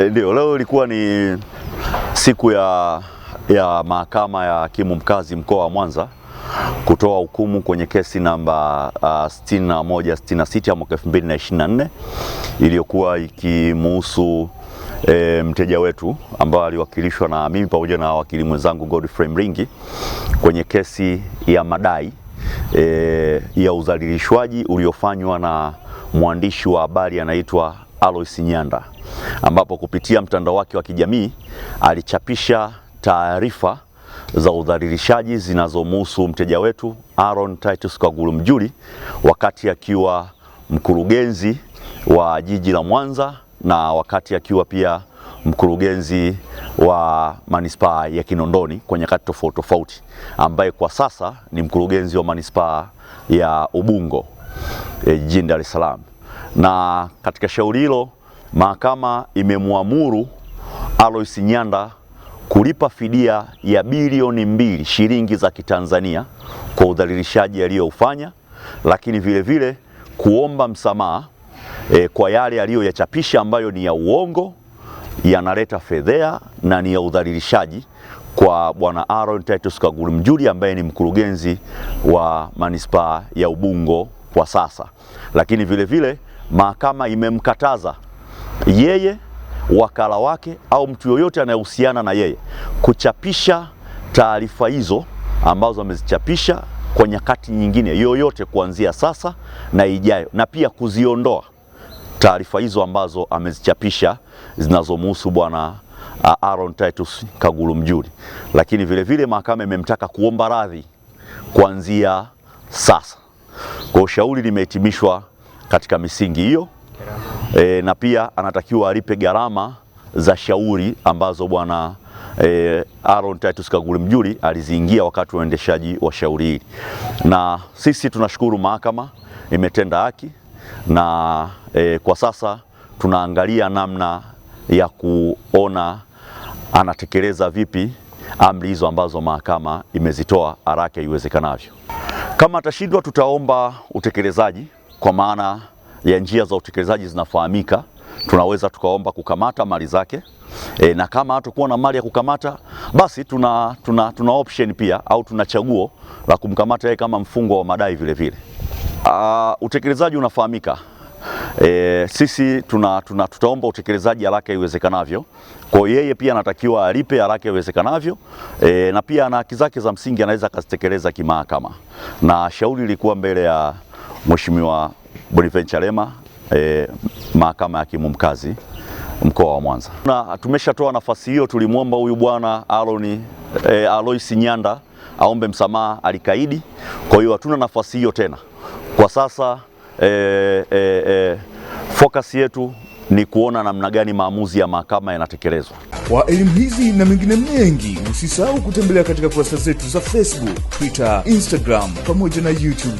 E, ndio leo ilikuwa ni siku ya, ya mahakama ya hakimu mkazi mkoa wa Mwanza kutoa hukumu kwenye kesi namba uh, ah, 6166 ya mwaka 2024 iliyokuwa ikimuhusu e, mteja wetu ambaye aliwakilishwa na mimi pamoja na wakili mwenzangu Godfrey Mringi kwenye kesi ya madai e, ya udhalilishwaji uliofanywa na mwandishi wa habari anaitwa Alois Nyanda ambapo kupitia mtandao wake wa kijamii alichapisha taarifa za udhalilishaji zinazomhusu mteja wetu Aaron Titus Kaguru Mjuli wakati akiwa mkurugenzi wa jiji la Mwanza na wakati akiwa pia mkurugenzi wa manispaa ya Kinondoni kwa nyakati tofauti tofauti, ambaye kwa sasa ni mkurugenzi wa manispaa ya Ubungo eh, jijini Dar es Salaam. Na katika shauri hilo mahakama imemwamuru Alois Nyanda kulipa fidia ya bilioni mbili shilingi za Kitanzania kwa udhalilishaji aliyoufanya, lakini vile vile kuomba msamaha e, kwa yale aliyoyachapisha ambayo ni ya uongo, yanaleta fedhea na ni ya udhalilishaji kwa bwana Aaron Titus Kaguru Mjuri ambaye ni mkurugenzi wa manispaa ya Ubungo kwa sasa. Lakini vile vile mahakama imemkataza yeye, wakala wake, au mtu yoyote anayehusiana na yeye kuchapisha taarifa hizo ambazo amezichapisha kwa nyakati nyingine yoyote kuanzia sasa na ijayo, na pia kuziondoa taarifa hizo ambazo amezichapisha zinazomhusu bwana uh, Aaron Titus Kaguru Mjuri. Lakini vilevile mahakama imemtaka kuomba radhi kuanzia sasa. Kwa ushauri limehitimishwa katika misingi hiyo e, na pia anatakiwa alipe gharama za shauri ambazo bwana e, Aaron Titus Kaguli Mjuri aliziingia wakati wa uendeshaji wa shauri hili, na sisi tunashukuru mahakama imetenda haki na e, kwa sasa tunaangalia namna ya kuona anatekeleza vipi amri hizo ambazo mahakama imezitoa haraka iwezekanavyo. Kama atashindwa, tutaomba utekelezaji kwa maana ya njia za utekelezaji zinafahamika, tunaweza tukaomba kukamata mali zake e, na kama hatakuwa na mali ya kukamata basi tuna, tuna, tuna option pia au tuna chaguo la kumkamata yeye kama mfungwa wa madai vile vile. Uh, utekelezaji unafahamika. E, sisi tuna, tuna, tutaomba utekelezaji haraka iwezekanavyo. Kwa yeye pia anatakiwa alipe haraka iwezekanavyo e, na pia ana haki zake za msingi anaweza akazitekeleza kimahakama, na shauri lilikuwa mbele ya Mheshimiwa Boniface Lema e, eh, mahakama ya hakimu mkazi mkoa wa Mwanza. Na tumeshatoa nafasi hiyo, tulimwomba huyu bwana Aaron e, Alois Nyanda aombe msamaha, alikaidi. Kwa hiyo hatuna nafasi hiyo tena kwa sasa. e, e, e, focus yetu ni kuona namna gani maamuzi ya mahakama yanatekelezwa. Kwa elimu hizi na mengine mengi, usisahau kutembelea katika kurasa zetu za Facebook, Twitter, Instagram pamoja na YouTube.